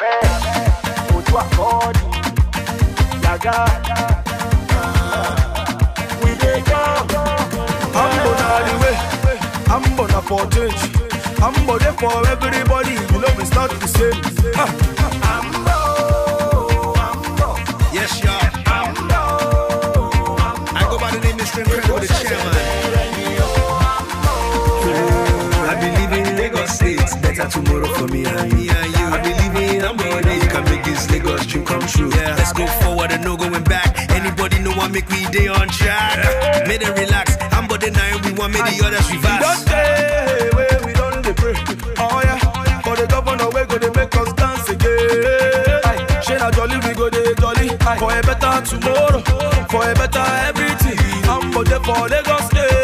babe kujua kodi ya gari Ambona for change, Ambona for everybody. You know it's not the same. Ha. Ambo, Ambo. Yes, y'all. Ambo, Ambo. I go by the name of String Craig with the chairman. that dream come true. Yeah. Let's go forward and no going back. Anybody know what make we day on track? Yeah. Made it relax. I'm but the nine we want, make the others reverse. We don't day, where we don't dey pray. Oh yeah, for the governor we go they make us dance again. Aye. Share a jolly we go they jolly Aye. for a better tomorrow, for a better everything. I'm but there for Lagos. Day.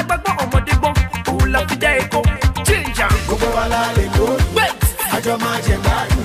agbágbọ́n ọmọdé gbọ́n òun la fi dá ẹ̀kọ́ change am. gbogbo wa la lè lórí àjọ máa jẹ báyìí.